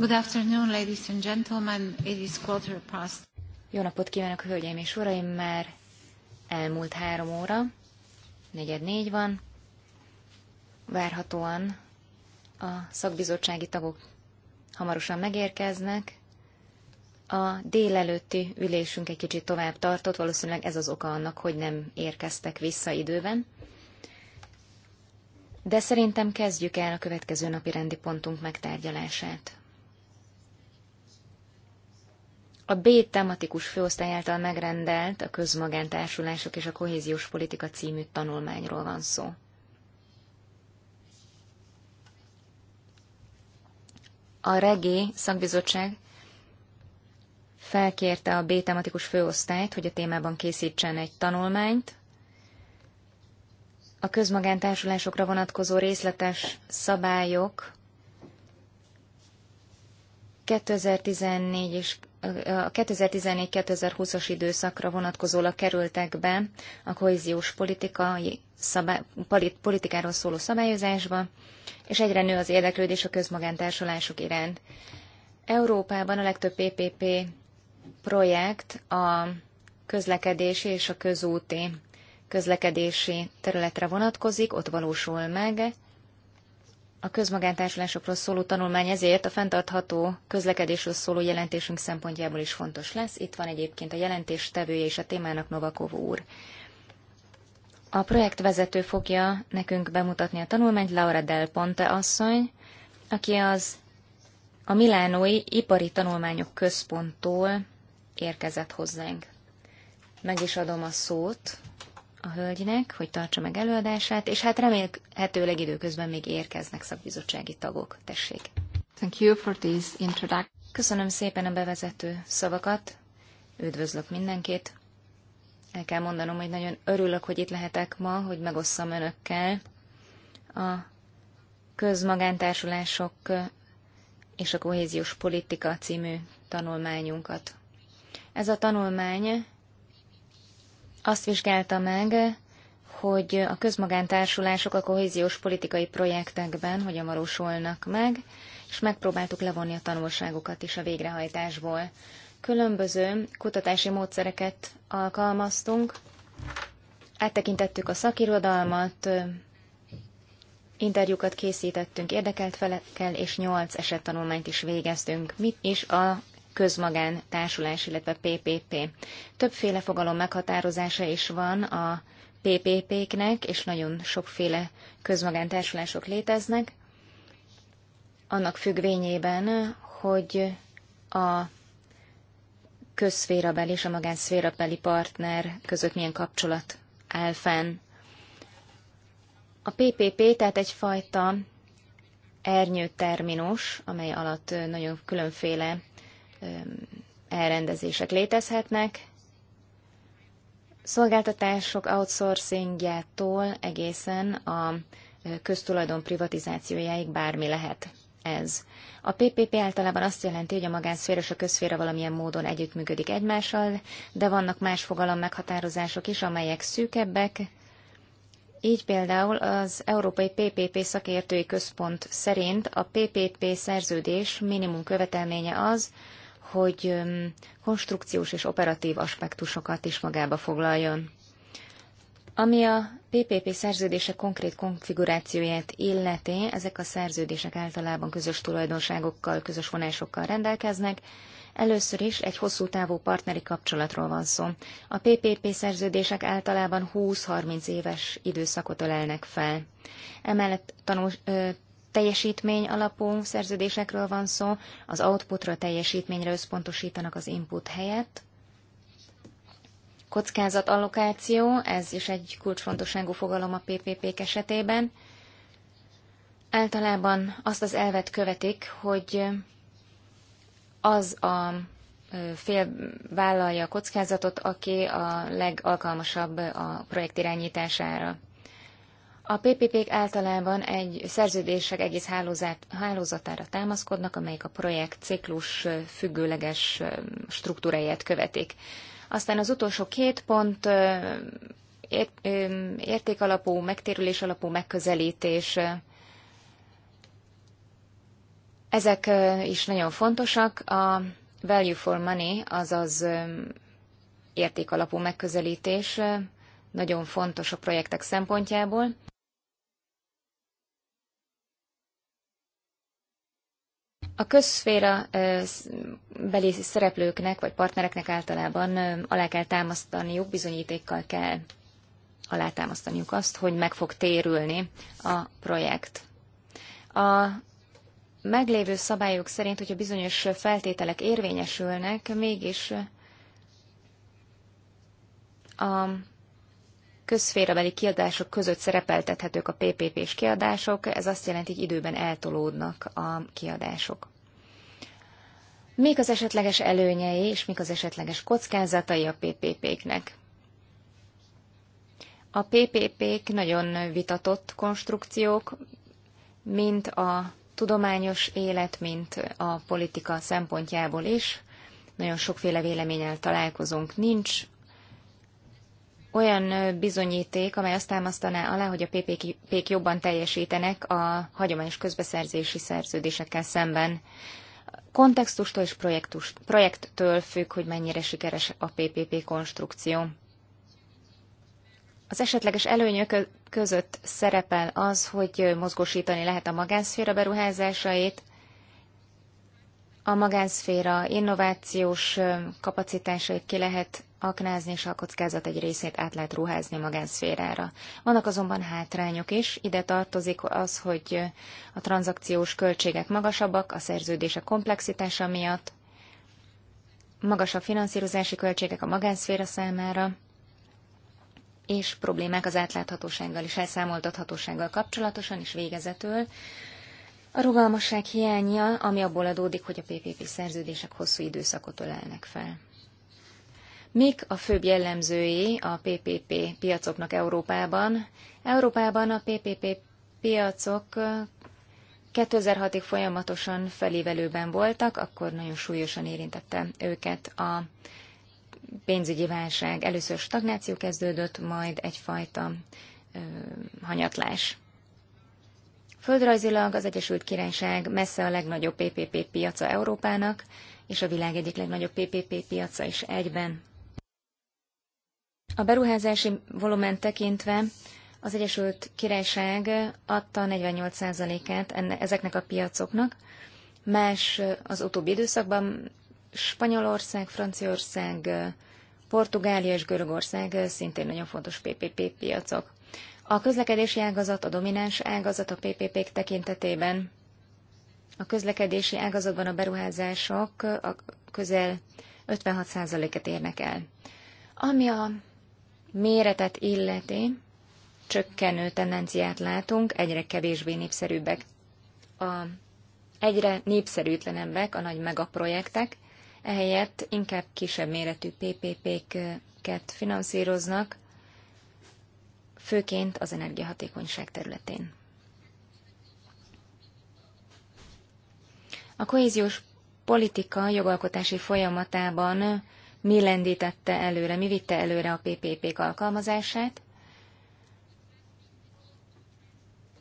Good afternoon, ladies and gentlemen. It is quarter past. Jó napot kívánok, hölgyeim és uraim! Már elmúlt három óra, negyed négy van. Várhatóan a szakbizottsági tagok hamarosan megérkeznek. A délelőtti ülésünk egy kicsit tovább tartott, valószínűleg ez az oka annak, hogy nem érkeztek vissza időben. De szerintem kezdjük el a következő napi rendi pontunk megtárgyalását a B tematikus főosztály által megrendelt a közmagántársulások és a kohéziós politika című tanulmányról van szó. A regé szakbizottság felkérte a B tematikus főosztályt, hogy a témában készítsen egy tanulmányt. A közmagántársulásokra vonatkozó részletes szabályok 2014 és a 2014-2020-as időszakra vonatkozólag kerültek be a kohéziós politikai szabály, politikáról szóló szabályozásba, és egyre nő az érdeklődés a közmagántársulások iránt. Európában a legtöbb PPP projekt a közlekedési és a közúti közlekedési területre vonatkozik, ott valósul meg, a közmagántársulásokról szóló tanulmány ezért a fenntartható közlekedésről szóló jelentésünk szempontjából is fontos lesz. Itt van egyébként a jelentés tevője és a témának Novakov úr. A projektvezető fogja nekünk bemutatni a tanulmányt, Laura Del Ponte asszony, aki az a Milánói Ipari Tanulmányok Központtól érkezett hozzánk. Meg is adom a szót a hölgynek, hogy tartsa meg előadását, és hát remélhetőleg időközben még érkeznek szakbizottsági tagok. Tessék! Thank you for this introduction. Köszönöm szépen a bevezető szavakat. Üdvözlök mindenkit. El kell mondanom, hogy nagyon örülök, hogy itt lehetek ma, hogy megosszam önökkel a közmagántársulások és a kohéziós politika című tanulmányunkat. Ez a tanulmány azt vizsgálta meg, hogy a közmagántársulások a kohéziós politikai projektekben hogyan valósulnak meg, és megpróbáltuk levonni a tanulságokat is a végrehajtásból. Különböző kutatási módszereket alkalmaztunk, áttekintettük a szakirodalmat, interjúkat készítettünk érdekelt felekkel, és nyolc esettanulmányt is végeztünk, mit is a közmagán társulás, illetve PPP. Többféle fogalom meghatározása is van a PPP-knek, és nagyon sokféle közmagántársulások léteznek, annak függvényében, hogy a közszférabeli és a magánszférabeli partner között milyen kapcsolat áll fenn. A PPP tehát egyfajta ernyő terminus, amely alatt nagyon különféle elrendezések létezhetnek, szolgáltatások outsourcingjától egészen a köztulajdon privatizációjáig bármi lehet ez. A PPP általában azt jelenti, hogy a magánszféra és a közszféra valamilyen módon együttműködik egymással, de vannak más fogalom meghatározások is, amelyek szűkebbek. Így például az Európai PPP szakértői központ szerint a PPP szerződés minimum követelménye az, hogy konstrukciós és operatív aspektusokat is magába foglaljon. Ami a PPP szerződések konkrét konfigurációját illeti, ezek a szerződések általában közös tulajdonságokkal, közös vonásokkal rendelkeznek. Először is egy hosszú távú partneri kapcsolatról van szó. A PPP szerződések általában 20-30 éves időszakot ölelnek fel. Emellett tanul, ö, teljesítmény alapú szerződésekről van szó, az outputra teljesítményre összpontosítanak az input helyett. Kockázatallokáció, ez is egy kulcsfontosságú fogalom a ppp esetében. Általában azt az elvet követik, hogy az a fél vállalja a kockázatot, aki a legalkalmasabb a projekt irányítására. A PPP-k általában egy szerződések egész hálózát, hálózatára támaszkodnak, amelyik a projekt ciklus függőleges struktúráját követik. Aztán az utolsó két pont értékalapú, megtérülés alapú megközelítés. Ezek is nagyon fontosak. A value for money, azaz értékalapú megközelítés nagyon fontos a projektek szempontjából. A közszféra beli szereplőknek vagy partnereknek általában alá kell támasztaniuk, bizonyítékkal kell alátámasztaniuk azt, hogy meg fog térülni a projekt. A meglévő szabályok szerint, hogyha bizonyos feltételek érvényesülnek, mégis a közszférabeli kiadások között szerepeltethetők a PPP-s kiadások, ez azt jelenti, hogy időben eltolódnak a kiadások. Mik az esetleges előnyei és mik az esetleges kockázatai a PPP-knek? A PPP-k nagyon vitatott konstrukciók, mint a tudományos élet, mint a politika szempontjából is. Nagyon sokféle véleménnyel találkozunk. Nincs olyan bizonyíték, amely azt támasztaná alá, hogy a PPP-k jobban teljesítenek a hagyományos közbeszerzési szerződésekkel szemben. Kontextustól és projektus, projekttől függ, hogy mennyire sikeres a PPP konstrukció. Az esetleges előnyök között szerepel az, hogy mozgósítani lehet a magánszféra beruházásait, a magánszféra innovációs kapacitásait ki lehet aknázni, és a kockázat egy részét át lehet ruházni a magánszférára. Vannak azonban hátrányok is, ide tartozik az, hogy a tranzakciós költségek magasabbak, a szerződések komplexitása miatt, magasabb finanszírozási költségek a magánszféra számára, és problémák az átláthatósággal és elszámoltathatósággal kapcsolatosan és végezetül. A rugalmasság hiánya, ami abból adódik, hogy a PPP szerződések hosszú időszakot ölelnek fel. Mik a főbb jellemzői a PPP piacoknak Európában? Európában a PPP piacok 2006-ig folyamatosan felévelőben voltak, akkor nagyon súlyosan érintette őket a pénzügyi válság. Először stagnáció kezdődött, majd egyfajta ö, hanyatlás. Földrajzilag az Egyesült Királyság messze a legnagyobb PPP piaca Európának, és a világ egyik legnagyobb PPP piaca is egyben. A beruházási volumen tekintve az Egyesült Királyság adta 48%-át ezeknek a piacoknak, más eh, az utóbbi időszakban Spanyolország, Franciaország, eh, Portugália és Görögország eh, szintén nagyon fontos PPP piacok. A közlekedési ágazat a domináns ágazat a PPP-k tekintetében. A közlekedési ágazatban a beruházások a közel 56%-et érnek el. Ami a méretet illeti, csökkenő tendenciát látunk, egyre kevésbé népszerűbbek. A, egyre népszerűtlenebbek a nagy megaprojektek, ehelyett inkább kisebb méretű PPP-ket finanszíroznak, főként az energiahatékonyság területén. A kohéziós politika jogalkotási folyamatában mi lendítette előre, mi vitte előre a ppp alkalmazását.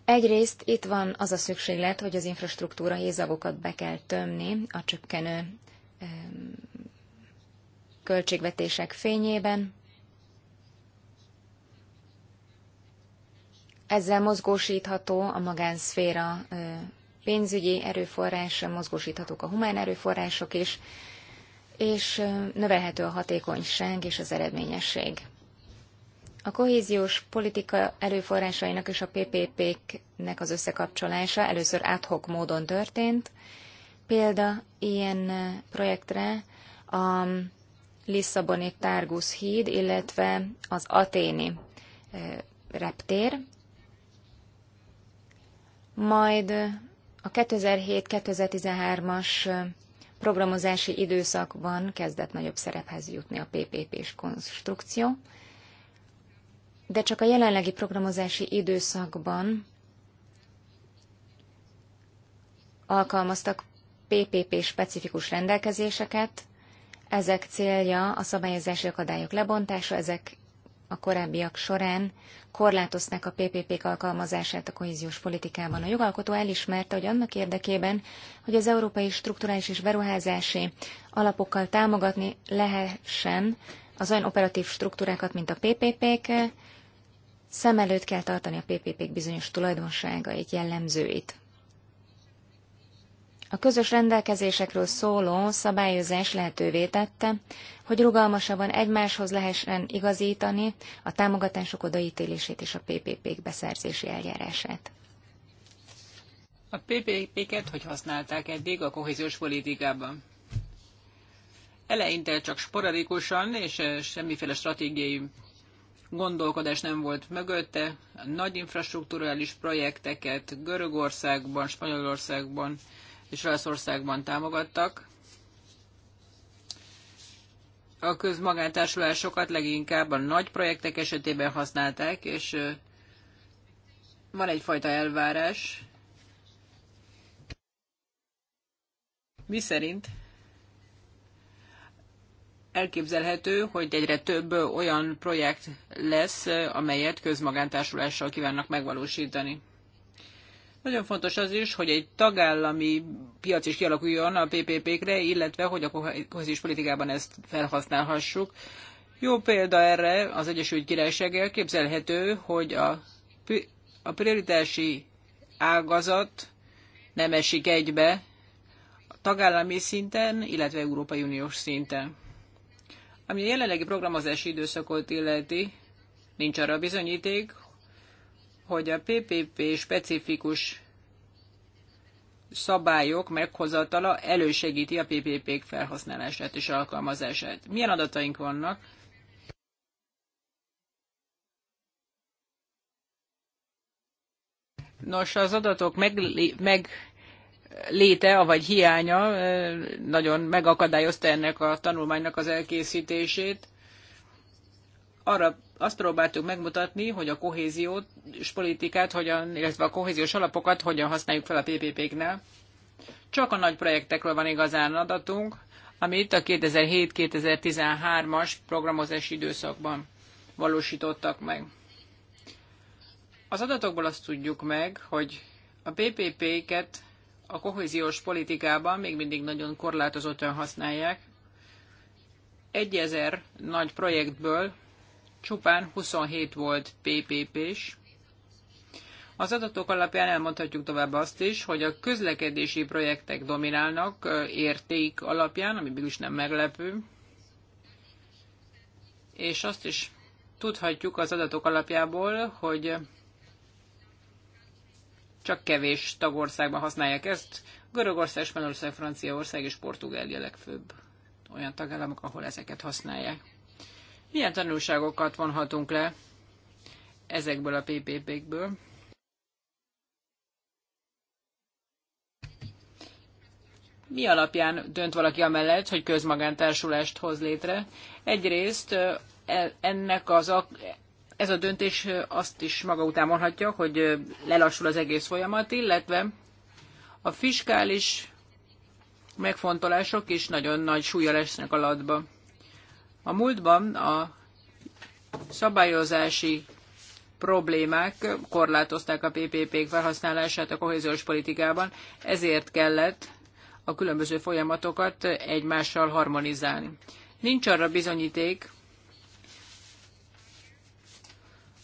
Egyrészt itt van az a szükséglet, hogy az infrastruktúra hézagokat be kell tömni a csökkenő költségvetések fényében. Ezzel mozgósítható a magánszféra pénzügyi erőforrása, mozgósíthatók a humán erőforrások is, és növelhető a hatékonyság és az eredményesség. A kohéziós politika előforrásainak és a PPP-knek az összekapcsolása először adhok módon történt. Példa ilyen projektre a Lisszaboni Tárgusz híd, illetve az aténi reptér. Majd a 2007-2013-as programozási időszakban kezdett nagyobb szerephez jutni a PPP-s konstrukció, de csak a jelenlegi programozási időszakban alkalmaztak PPP-specifikus rendelkezéseket, ezek célja a szabályozási akadályok lebontása, ezek a korábbiak során korlátozták a PPP-k alkalmazását a kohéziós politikában. A jogalkotó elismerte, hogy annak érdekében, hogy az európai strukturális és beruházási alapokkal támogatni lehessen az olyan operatív struktúrákat, mint a PPP-k, szem előtt kell tartani a PPP-k bizonyos tulajdonságait, jellemzőit. A közös rendelkezésekről szóló szabályozás lehetővé tette, hogy rugalmasabban egymáshoz lehessen igazítani a támogatások odaítélését és a PPP-k beszerzési eljárását. A PPP-ket hogy használták eddig a kohéziós politikában? Eleinte csak sporadikusan és eh, semmiféle stratégiai gondolkodás nem volt mögötte. A nagy infrastruktúrális projekteket Görögországban, Spanyolországban, és Olaszországban támogattak. A közmagántársulásokat leginkább a nagy projektek esetében használták, és van egyfajta elvárás, mi szerint elképzelhető, hogy egyre több olyan projekt lesz, amelyet közmagántársulással kívánnak megvalósítani. Nagyon fontos az is, hogy egy tagállami piac is kialakuljon a PPP-kre, illetve hogy a kohéziós politikában ezt felhasználhassuk. Jó példa erre az Egyesült Királyság képzelhető, hogy a, a prioritási ágazat nem esik egybe a tagállami szinten, illetve Európai Uniós szinten. Ami a jelenlegi programozási időszakot illeti, nincs arra bizonyíték, hogy a PPP specifikus szabályok meghozatala elősegíti a PPP-k felhasználását és alkalmazását. Milyen adataink vannak? Nos, az adatok meglé, meg, léte, vagy hiánya eh, nagyon megakadályozta ennek a tanulmánynak az elkészítését arra azt próbáltuk megmutatni, hogy a kohéziós politikát, hogyan, illetve a kohéziós alapokat hogyan használjuk fel a PPP-knál. Csak a nagy projektekről van igazán adatunk, amit a 2007-2013-as programozási időszakban valósítottak meg. Az adatokból azt tudjuk meg, hogy a PPP-ket a kohéziós politikában még mindig nagyon korlátozottan használják. 1000 nagy projektből csupán 27 volt PPP-s. Az adatok alapján elmondhatjuk tovább azt is, hogy a közlekedési projektek dominálnak érték alapján, ami mégis nem meglepő, és azt is tudhatjuk az adatok alapjából, hogy csak kevés tagországban használják ezt. Görögország, Spanyolország, Franciaország és Portugália legfőbb olyan tagállamok, ahol ezeket használják. Milyen tanulságokat vonhatunk le ezekből a PPP-kből? mi alapján dönt valaki amellett, hogy közmagántársulást hoz létre. Egyrészt e, ennek az a, ez a döntés azt is maga után vonhatja, hogy lelassul az egész folyamat, illetve a fiskális megfontolások is nagyon nagy súlya lesznek latba. A múltban a szabályozási problémák korlátozták a PPP-k felhasználását a kohéziós politikában, ezért kellett a különböző folyamatokat egymással harmonizálni. Nincs arra bizonyíték,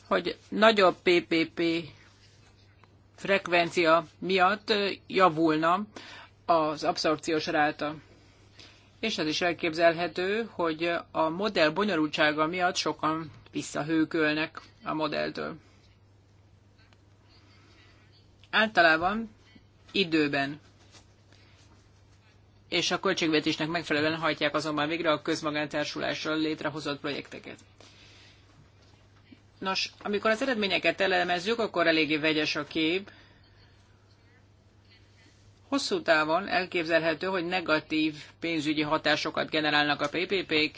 hogy nagyobb PPP frekvencia miatt javulna az abszorpciós ráta és az is elképzelhető, hogy a modell bonyolultsága miatt sokan visszahőkölnek a modelltől. Általában időben és a költségvetésnek megfelelően hajtják azonban végre a közmagántársulással létrehozott projekteket. Nos, amikor az eredményeket elemezzük, akkor eléggé vegyes a kép, Hosszú távon elképzelhető, hogy negatív pénzügyi hatásokat generálnak a PPP-k,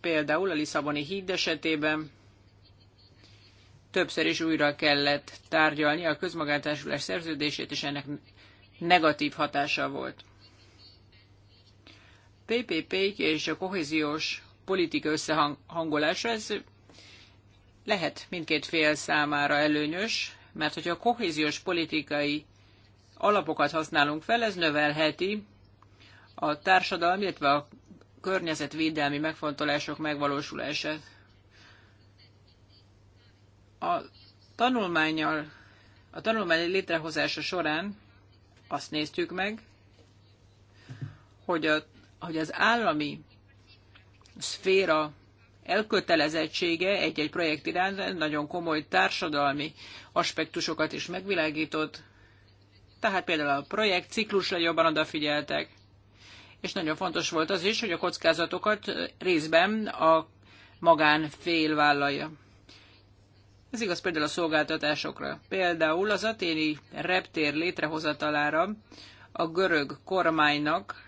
például a Lisszaboni híd esetében többször is újra kellett tárgyalni a közmagántársulás szerződését, és ennek negatív hatása volt. ppp és a kohéziós politika összehangolása, ez lehet mindkét fél számára előnyös, mert hogyha a kohéziós politikai alapokat használunk fel, ez növelheti a társadalmi, illetve a környezetvédelmi megfontolások megvalósulását. A tanulmányal, a tanulmány létrehozása során azt néztük meg, hogy, a, hogy az állami szféra elkötelezettsége egy-egy projekt iránt nagyon komoly társadalmi aspektusokat is megvilágított, tehát például a projekt ciklusra jobban odafigyeltek, és nagyon fontos volt az is, hogy a kockázatokat részben a magán fél vállalja. Ez igaz például a szolgáltatásokra. Például az aténi reptér létrehozatalára a görög kormánynak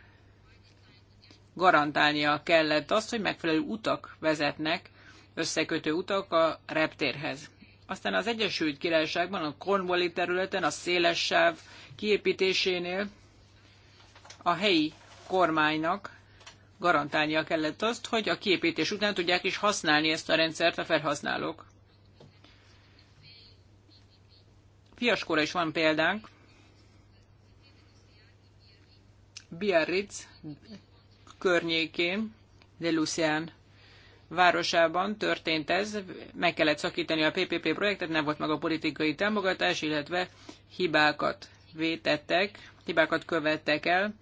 garantálnia kellett azt, hogy megfelelő utak vezetnek, összekötő utak a reptérhez. Aztán az Egyesült Királyságban, a Cornwalli területen, a széles sáv kiépítésénél a helyi kormánynak garantálnia kellett azt, hogy a kiépítés után tudják is használni ezt a rendszert a felhasználók. Fiaskóra is van példánk. Biarritz környékén, de Lucian városában történt ez, meg kellett szakítani a PPP projektet, nem volt meg a politikai támogatás, illetve hibákat vétettek, hibákat követtek el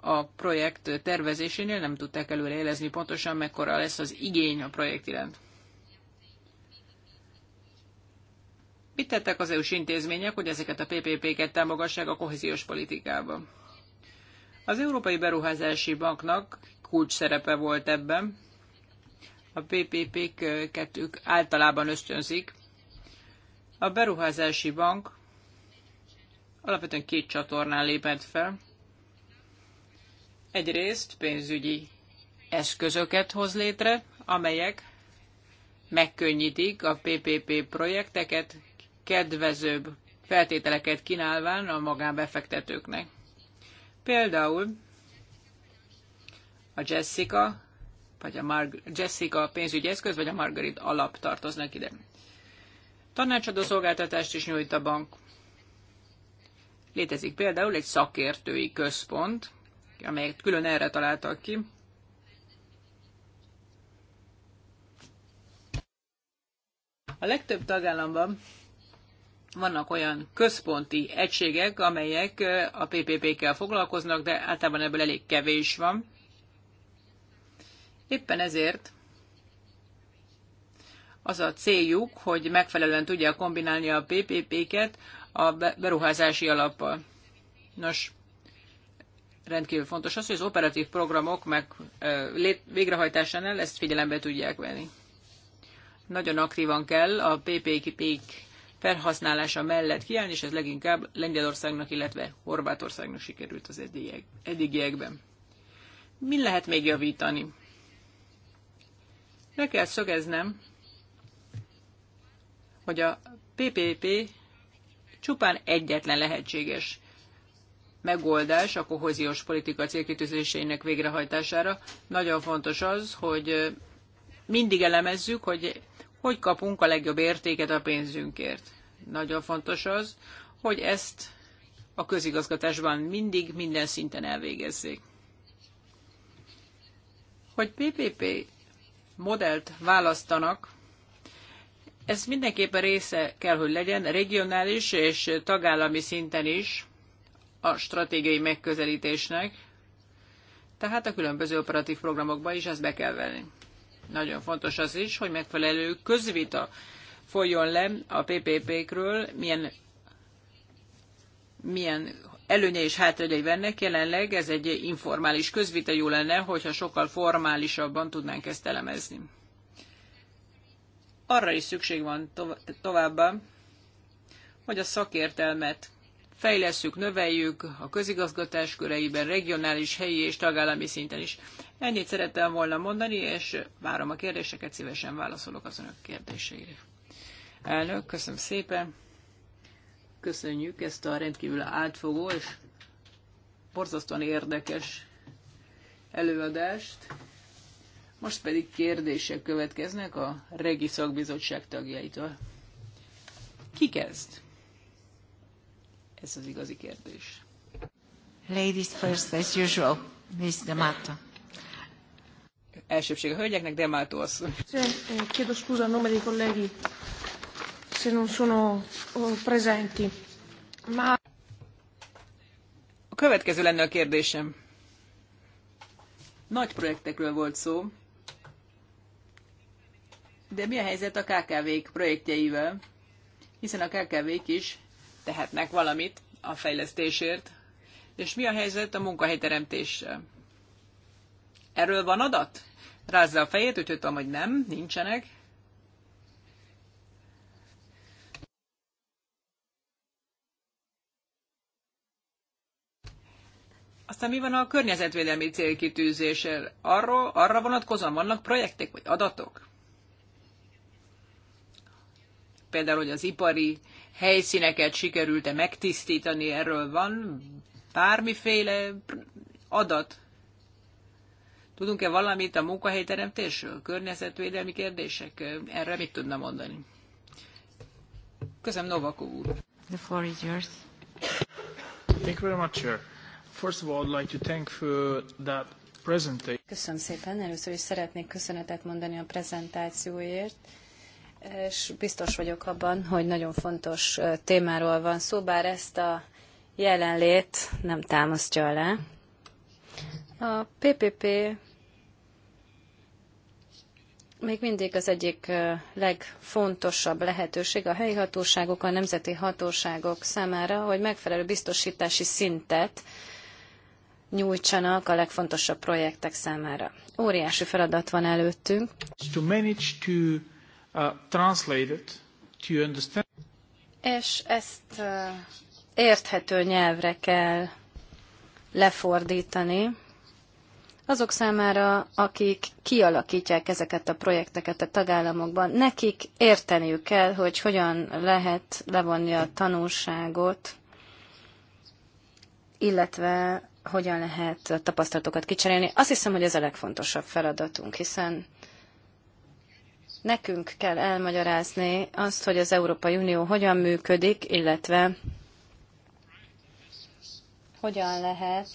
a projekt tervezésénél, nem tudták előre élezni pontosan, mekkora lesz az igény a projekt iránt. Mit tettek az EU-s intézmények, hogy ezeket a PPP-ket támogassák a kohéziós politikában? Az Európai Beruházási Banknak kulcs szerepe volt ebben, a PPP-k ők általában ösztönzik. A beruházási bank alapvetően két csatornán lépett fel. Egyrészt pénzügyi eszközöket hoz létre, amelyek megkönnyítik a PPP projekteket, kedvezőbb feltételeket kínálván a magánbefektetőknek. Például a Jessica vagy a Marg- Jessica pénzügyi eszköz, vagy a Margarit alap tartoznak ide. Tanácsadó szolgáltatást is nyújt a bank. Létezik például egy szakértői központ, amelyet külön erre találtak ki. A legtöbb tagállamban vannak olyan központi egységek, amelyek a PPP-kkel foglalkoznak, de általában ebből elég kevés van. Éppen ezért az a céljuk, hogy megfelelően tudja kombinálni a PPP-ket a beruházási alappal. Nos, rendkívül fontos az, hogy az operatív programok meg végrehajtásánál ezt figyelembe tudják venni. Nagyon aktívan kell a PPP-k felhasználása mellett kiállni, és ez leginkább Lengyelországnak, illetve Horvátországnak sikerült az eddigiekben. Mi lehet még javítani? Le kell szögeznem, hogy a PPP csupán egyetlen lehetséges megoldás a kohéziós politika célkitűzéseinek végrehajtására. Nagyon fontos az, hogy mindig elemezzük, hogy hogy kapunk a legjobb értéket a pénzünkért. Nagyon fontos az, hogy ezt a közigazgatásban mindig, minden szinten elvégezzék. Hogy PPP modellt választanak, ez mindenképpen része kell, hogy legyen regionális és tagállami szinten is a stratégiai megközelítésnek, tehát a különböző operatív programokba is ezt be kell venni. Nagyon fontos az is, hogy megfelelő közvita folyjon le a PPP-kről, milyen, milyen előnye és hátrányai vannak jelenleg ez egy informális közvita, jó lenne, hogyha sokkal formálisabban tudnánk ezt elemezni. Arra is szükség van továbbá, hogy a szakértelmet fejlesszük, növeljük a közigazgatás köreiben, regionális, helyi és tagállami szinten is. Ennyit szerettem volna mondani, és várom a kérdéseket, szívesen válaszolok az önök kérdéseire. Elnök, köszönöm szépen. Köszönjük ezt a rendkívül átfogó és borzasztóan érdekes előadást. Most pedig kérdések következnek a Regi Szakbizottság tagjaitól. Ki kezd? Ez az igazi kérdés. Ladies first, as usual, Miss Demato. Elsőbség a hölgyeknek, Demato asszony. kérdés, eh, scusa a nome dei colleghi se non sono eh, presenti. Ma... A következő lenne a kérdésem. Nagy projektekről volt szó, de mi a helyzet a KKV-k projektjeivel? Hiszen a KKV-k is tehetnek valamit a fejlesztésért. És mi a helyzet a munkahelyteremtéssel? Erről van adat? Rázza a fejét, úgy tudom, hogy nem, nincsenek. Aztán mi van a környezetvédelmi célkitűzéssel? Arról, arra vonatkozóan vannak projektek vagy adatok? Például, hogy az ipari helyszíneket sikerült-e megtisztítani, erről van bármiféle adat? Tudunk-e valamit a munkahelyteremtésről, környezetvédelmi kérdések? Erre mit tudna mondani? Köszönöm, Novakov úr. The floor is yours. Thank you very much, sir. First of all, I'd like to thank for that presentation. Köszönöm szépen. Először is szeretnék köszönetet mondani a prezentációért és biztos vagyok abban, hogy nagyon fontos témáról van szó, bár ezt a jelenlét nem támasztja alá. A PPP még mindig az egyik legfontosabb lehetőség a helyi hatóságok, a nemzeti hatóságok számára, hogy megfelelő biztosítási szintet nyújtsanak a legfontosabb projektek számára. Óriási feladat van előttünk. To manage to uh, translate it, to understand. És ezt uh, érthető nyelvre kell lefordítani azok számára, akik kialakítják ezeket a projekteket a tagállamokban, nekik érteniük kell, hogy hogyan lehet levonni a tanulságot, illetve hogyan lehet a tapasztalatokat kicserélni. Azt hiszem, hogy ez a legfontosabb feladatunk, hiszen nekünk kell elmagyarázni azt, hogy az Európai Unió hogyan működik, illetve hogyan lehet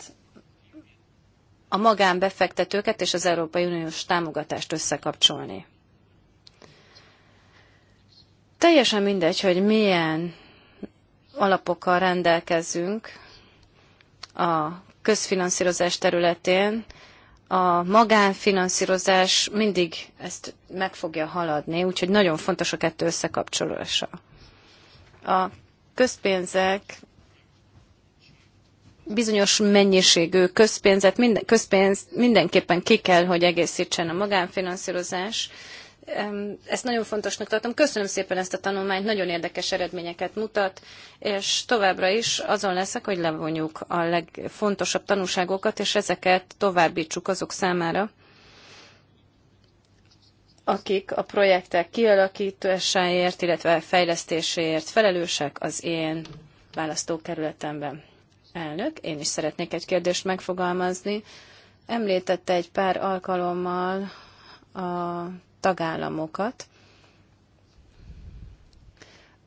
a magánbefektetőket és az Európai Uniós támogatást összekapcsolni. Teljesen mindegy, hogy milyen alapokkal rendelkezünk a közfinanszírozás területén a magánfinanszírozás mindig ezt meg fogja haladni, úgyhogy nagyon fontos a kettő összekapcsolása. A közpénzek bizonyos mennyiségű közpénzet, minden, közpénzt mindenképpen ki kell, hogy egészítsen a magánfinanszírozás, ezt nagyon fontosnak tartom. Köszönöm szépen ezt a tanulmányt, nagyon érdekes eredményeket mutat, és továbbra is azon leszek, hogy levonjuk a legfontosabb tanulságokat, és ezeket továbbítsuk azok számára, akik a projektek kialakításáért, illetve fejlesztéséért felelősek az én választókerületemben. Elnök, én is szeretnék egy kérdést megfogalmazni. Említette egy pár alkalommal a tagállamokat,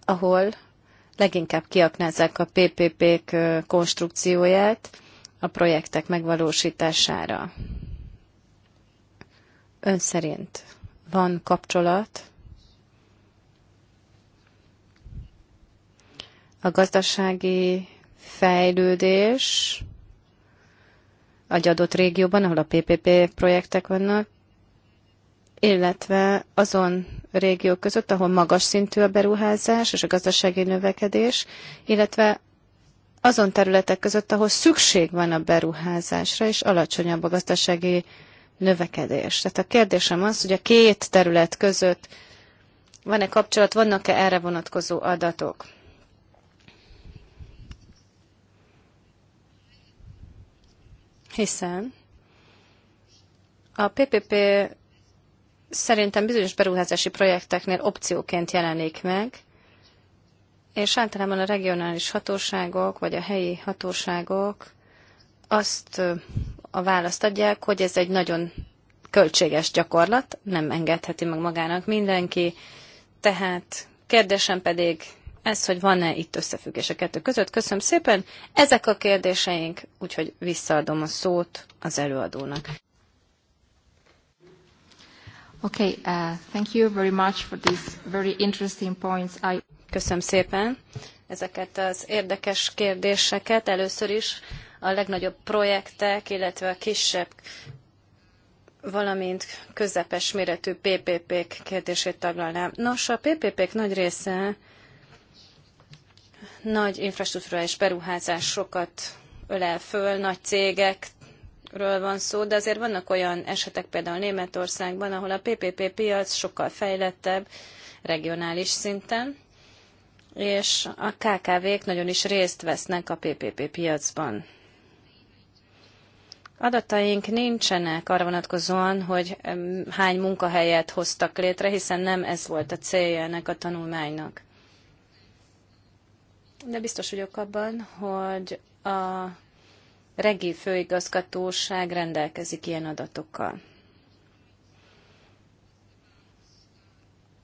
ahol leginkább kiaknázzák a PPP-k konstrukcióját a projektek megvalósítására. Ön szerint van kapcsolat a gazdasági fejlődés, egy adott régióban, ahol a PPP projektek vannak, illetve azon régiók között, ahol magas szintű a beruházás és a gazdasági növekedés, illetve azon területek között, ahol szükség van a beruházásra, és alacsonyabb a gazdasági növekedés. Tehát a kérdésem az, hogy a két terület között van-e kapcsolat, vannak-e erre vonatkozó adatok? Hiszen a PPP szerintem bizonyos beruházási projekteknél opcióként jelenik meg, és általában a regionális hatóságok, vagy a helyi hatóságok azt a választ adják, hogy ez egy nagyon költséges gyakorlat, nem engedheti meg magának mindenki. Tehát kérdésem pedig ez, hogy van-e itt összefüggés a kettő között. Köszönöm szépen. Ezek a kérdéseink, úgyhogy visszaadom a szót az előadónak. Okay, uh, thank you very much for these very interesting points. I... Köszönöm szépen ezeket az érdekes kérdéseket. Először is a legnagyobb projektek, illetve a kisebb, valamint közepes méretű PPP-k kérdését taglalnám. Nos, a PPP-k nagy része nagy infrastruktúrális beruházásokat ölel föl, nagy cégek ről van szó, de azért vannak olyan esetek például Németországban, ahol a PPP piac sokkal fejlettebb regionális szinten, és a KKV-k nagyon is részt vesznek a PPP piacban. Adataink nincsenek arra vonatkozóan, hogy hány munkahelyet hoztak létre, hiszen nem ez volt a célja ennek a tanulmánynak. De biztos vagyok abban, hogy a regi főigazgatóság rendelkezik ilyen adatokkal.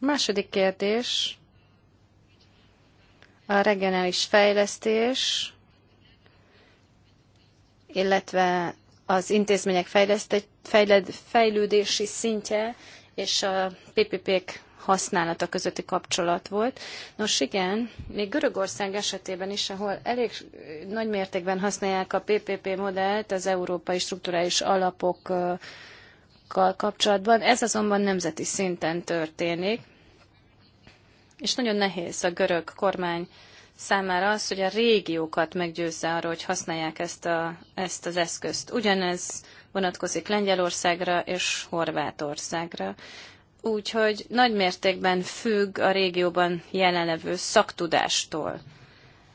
második kérdés. A regionális fejlesztés, illetve az intézmények fejlődési szintje és a PPP-k használata közötti kapcsolat volt. Nos igen, még Görögország esetében is, ahol elég nagy mértékben használják a PPP modellt az európai strukturális alapokkal kapcsolatban, ez azonban nemzeti szinten történik, és nagyon nehéz a görög kormány számára az, hogy a régiókat meggyőzze arra, hogy használják ezt, a, ezt az eszközt. Ugyanez vonatkozik Lengyelországra és Horvátországra úgyhogy nagy mértékben függ a régióban jelenlevő szaktudástól.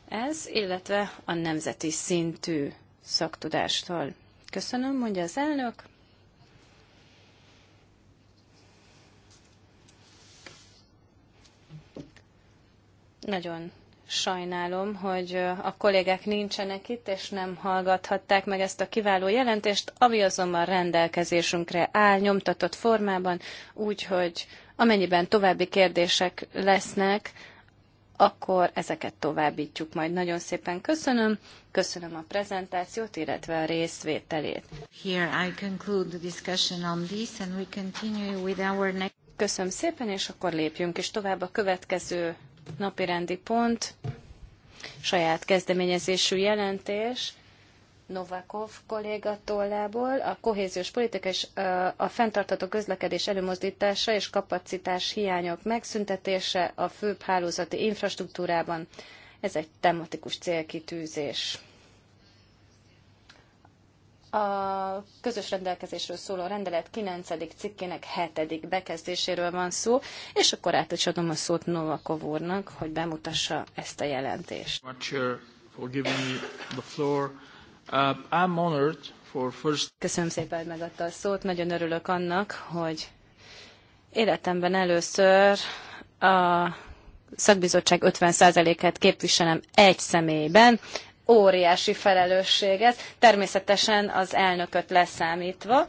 Ez, illetve a nemzeti szintű szaktudástól. Köszönöm, mondja az elnök. Nagyon Sajnálom, hogy a kollégák nincsenek itt, és nem hallgathatták meg ezt a kiváló jelentést, ami azonban rendelkezésünkre áll nyomtatott formában, úgyhogy amennyiben további kérdések lesznek, akkor ezeket továbbítjuk majd. Nagyon szépen köszönöm, köszönöm a prezentációt, illetve a részvételét. Here I conclude the discussion on this and we continue with our next... Köszönöm szépen, és akkor lépjünk is tovább a következő napirendi pont, saját kezdeményezésű jelentés, Novakov kolléga tollából a kohéziós politika és a fenntartató közlekedés előmozdítása és kapacitás hiányok megszüntetése a főbb hálózati infrastruktúrában. Ez egy tematikus célkitűzés a közös rendelkezésről szóló rendelet 9. cikkének 7. bekezdéséről van szó, és akkor át adom a szót Novakov úrnak, hogy bemutassa ezt a jelentést. Uh, uh, Köszönöm szépen, hogy megadta a szót. Nagyon örülök annak, hogy életemben először a szakbizottság 50%-át képviselem egy személyben óriási felelősség ez, természetesen az elnököt leszámítva.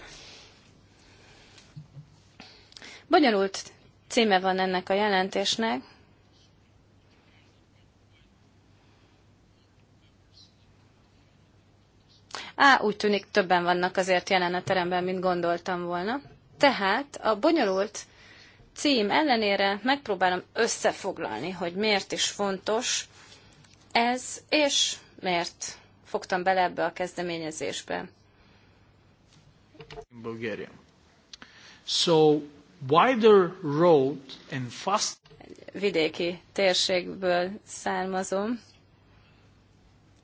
Bonyolult címe van ennek a jelentésnek. Á, úgy tűnik többen vannak azért jelen a teremben, mint gondoltam volna. Tehát a bonyolult cím ellenére megpróbálom összefoglalni, hogy miért is fontos ez, és mert fogtam bele ebbe a kezdeményezésbe. In Bulgaria. So wider road and fast... Vidéki térségből származom,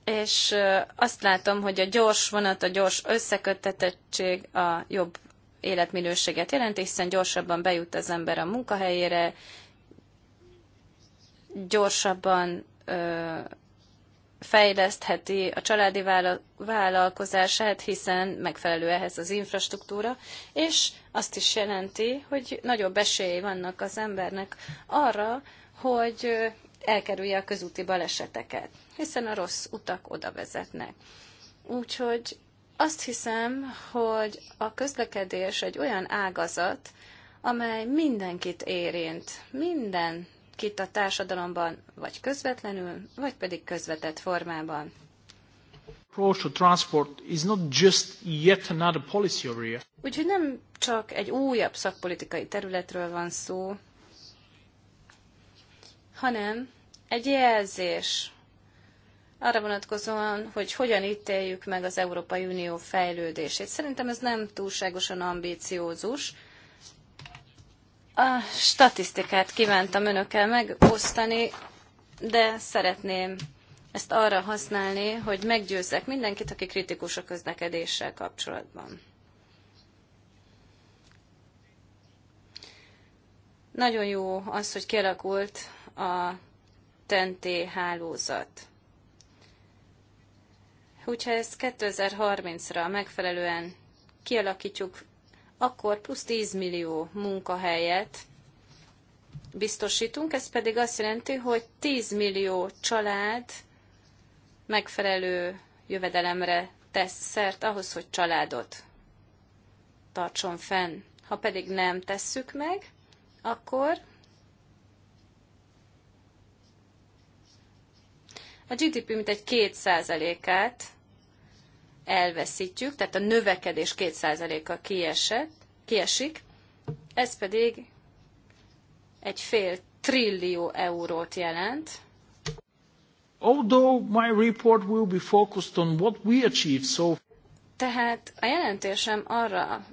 és azt látom, hogy a gyors vonat, a gyors összeköttetettség a jobb életminőséget jelent, hiszen gyorsabban bejut az ember a munkahelyére, gyorsabban fejlesztheti a családi vállalkozását, hiszen megfelelő ehhez az infrastruktúra, és azt is jelenti, hogy nagyobb esélye vannak az embernek arra, hogy elkerülje a közúti baleseteket, hiszen a rossz utak oda vezetnek. Úgyhogy azt hiszem, hogy a közlekedés egy olyan ágazat, amely mindenkit érint, minden élnek a társadalomban, vagy közvetlenül, vagy pedig közvetett formában. Úgyhogy nem csak egy újabb szakpolitikai területről van szó, hanem egy jelzés arra vonatkozóan, hogy hogyan ítéljük meg az Európai Unió fejlődését. Szerintem ez nem túlságosan ambíciózus, a statisztikát kívántam önökkel megosztani, de szeretném ezt arra használni, hogy meggyőzzek mindenkit, aki kritikus a közlekedéssel kapcsolatban. Nagyon jó az, hogy kialakult a TNT hálózat. Hogyha ezt 2030-ra megfelelően kialakítjuk, akkor plusz 10 millió munkahelyet biztosítunk, ez pedig azt jelenti, hogy 10 millió család megfelelő jövedelemre tesz szert ahhoz, hogy családot tartson fenn. Ha pedig nem tesszük meg, akkor a GDP mintegy 2%-át elveszítjük, tehát a növekedés 2%-a kiesett, kiesik, ez pedig egy fél trillió eurót jelent. Although my report will be focused on what we achieved so Tehát a jelentésem arra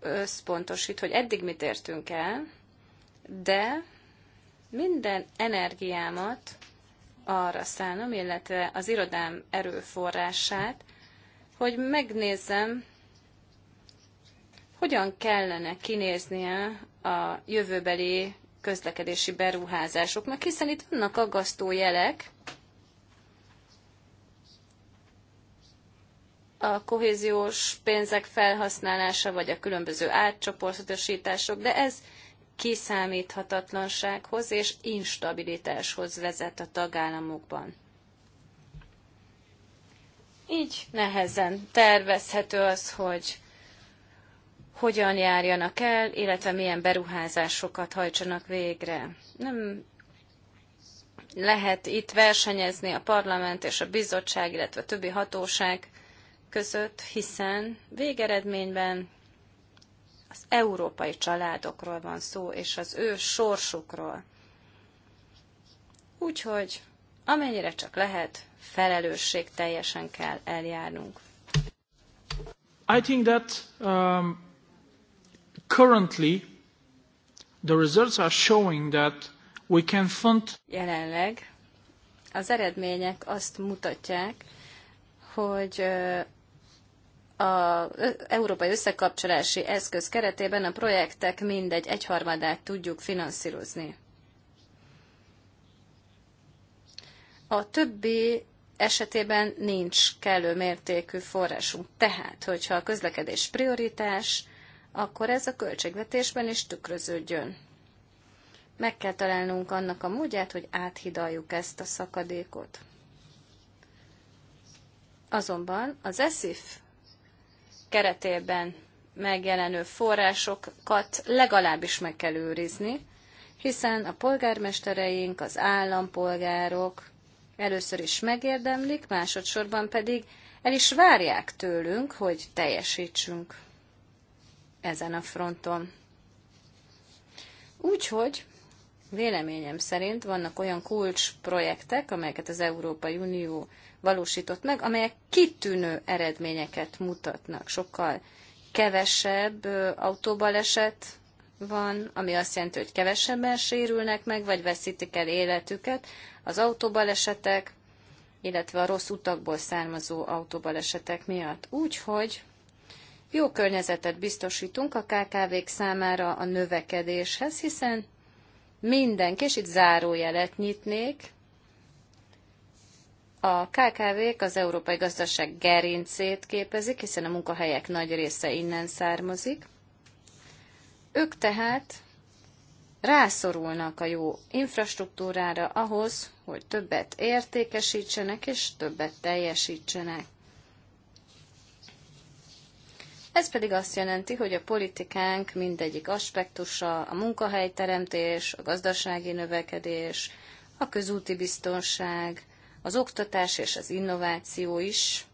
összpontosít, hogy eddig mit értünk el, de minden energiámat arra szánom, illetve az irodám erőforrását, hogy megnézzem, hogyan kellene kinéznie a jövőbeli közlekedési beruházásoknak, hiszen itt vannak aggasztó jelek, a kohéziós pénzek felhasználása, vagy a különböző átcsoportosítások, de ez kiszámíthatatlansághoz és instabilitáshoz vezet a tagállamokban. Így nehezen tervezhető az, hogy hogyan járjanak el, illetve milyen beruházásokat hajtsanak végre. Nem lehet itt versenyezni a parlament és a bizottság, illetve a többi hatóság között, hiszen végeredményben az európai családokról van szó, és az ő sorsukról. Úgyhogy amennyire csak lehet, felelősség teljesen kell eljárnunk. I think that um, currently the results are showing that we can fund Jelenleg az eredmények azt mutatják, hogy az európai összekapcsolási eszköz keretében a projektek mindegy egyharmadát tudjuk finanszírozni. A többi esetében nincs kellő mértékű forrásunk. Tehát, hogyha a közlekedés prioritás, akkor ez a költségvetésben is tükröződjön. Meg kell találnunk annak a módját, hogy áthidaljuk ezt a szakadékot. Azonban az ESIF keretében megjelenő forrásokat legalábbis meg kell őrizni, hiszen a polgármestereink, az állampolgárok, először is megérdemlik, másodszorban pedig el is várják tőlünk, hogy teljesítsünk ezen a fronton. Úgyhogy véleményem szerint vannak olyan kulcsprojektek, amelyeket az Európai Unió valósított meg, amelyek kitűnő eredményeket mutatnak. Sokkal kevesebb autóbaleset van, ami azt jelenti, hogy kevesebben sérülnek meg, vagy veszítik el életüket. Az autóbalesetek, illetve a rossz utakból származó autóbalesetek miatt. Úgyhogy jó környezetet biztosítunk a KKV-k számára a növekedéshez, hiszen minden és itt zárójelet nyitnék, a KKV-k az európai gazdaság gerincét képezik, hiszen a munkahelyek nagy része innen származik. Ők tehát rászorulnak a jó infrastruktúrára ahhoz, hogy többet értékesítsenek és többet teljesítsenek. Ez pedig azt jelenti, hogy a politikánk mindegyik aspektusa, a munkahelyteremtés, a gazdasági növekedés, a közúti biztonság, az oktatás és az innováció is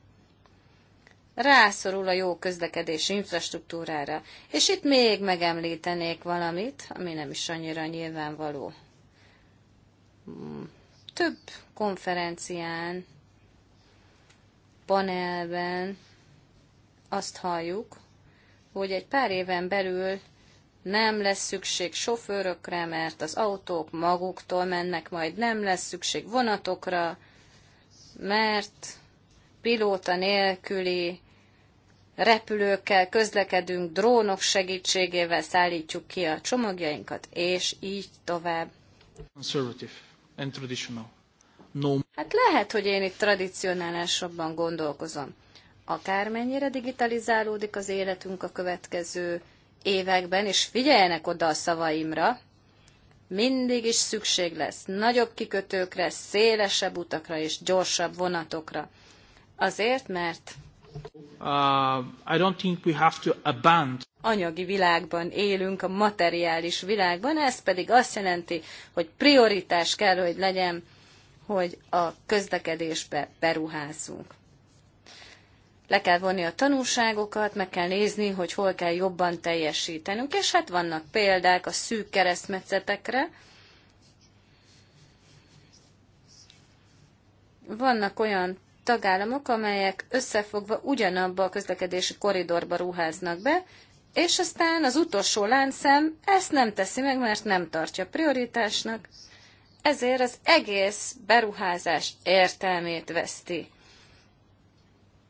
rászorul a jó közlekedés infrastruktúrára. És itt még megemlítenék valamit, ami nem is annyira nyilvánvaló. Hmm. Több konferencián, panelben azt halljuk, hogy egy pár éven belül nem lesz szükség sofőrökre, mert az autók maguktól mennek, majd nem lesz szükség vonatokra, mert pilóta nélküli repülőkkel közlekedünk, drónok segítségével szállítjuk ki a csomagjainkat, és így tovább. Hát lehet, hogy én itt tradicionálisabban gondolkozom. Akármennyire digitalizálódik az életünk a következő években, és figyeljenek oda a szavaimra, mindig is szükség lesz nagyobb kikötőkre, szélesebb utakra és gyorsabb vonatokra. Azért, mert Uh, I don't think we have to abandon. Anyagi világban élünk, a materiális világban, ez pedig azt jelenti, hogy prioritás kell, hogy legyen, hogy a közlekedésbe beruházzunk. Le kell vonni a tanulságokat, meg kell nézni, hogy hol kell jobban teljesítenünk, és hát vannak példák a szűk keresztmetszetekre, vannak olyan tagállamok, amelyek összefogva ugyanabba a közlekedési koridorba ruháznak be, és aztán az utolsó láncszem ezt nem teszi meg, mert nem tartja prioritásnak, ezért az egész beruházás értelmét veszti.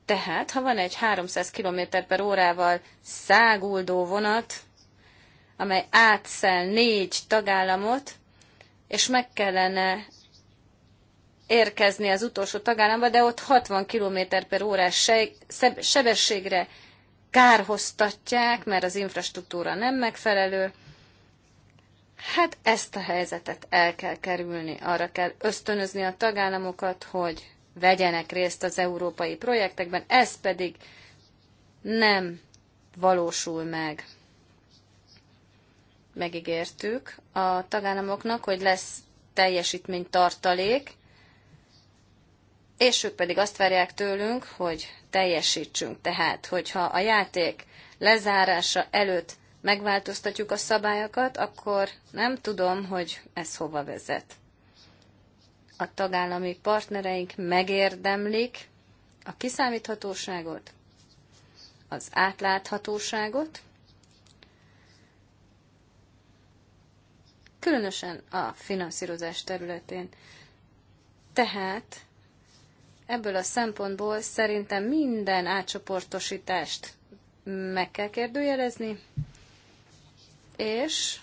Tehát, ha van egy 300 km per órával száguldó vonat, amely átszel négy tagállamot, és meg kellene érkezni az utolsó tagállamba, de ott 60 km per órás sebességre kárhoztatják, mert az infrastruktúra nem megfelelő. Hát ezt a helyzetet el kell kerülni, arra kell ösztönözni a tagállamokat, hogy vegyenek részt az európai projektekben, ez pedig nem valósul meg. Megígértük a tagállamoknak, hogy lesz teljesítménytartalék, és ők pedig azt várják tőlünk, hogy teljesítsünk. Tehát, hogyha a játék lezárása előtt megváltoztatjuk a szabályokat, akkor nem tudom, hogy ez hova vezet. A tagállami partnereink megérdemlik a kiszámíthatóságot, az átláthatóságot, különösen a finanszírozás területén. Tehát Ebből a szempontból szerintem minden átcsoportosítást meg kell kérdőjelezni, és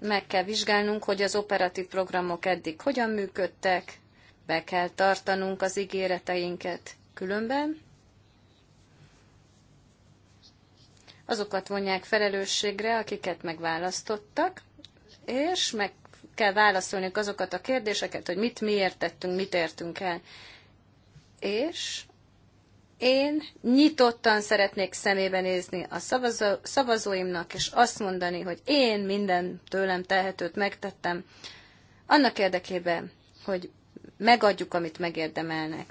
meg kell vizsgálnunk, hogy az operatív programok eddig hogyan működtek, be kell tartanunk az ígéreteinket különben. Azokat vonják felelősségre, akiket megválasztottak, és meg kell válaszolni azokat a kérdéseket, hogy mit miért tettünk, mit értünk el. És én nyitottan szeretnék szemébe nézni a szavazó, szavazóimnak, és azt mondani, hogy én minden tőlem telhetőt megtettem, annak érdekében, hogy megadjuk, amit megérdemelnek.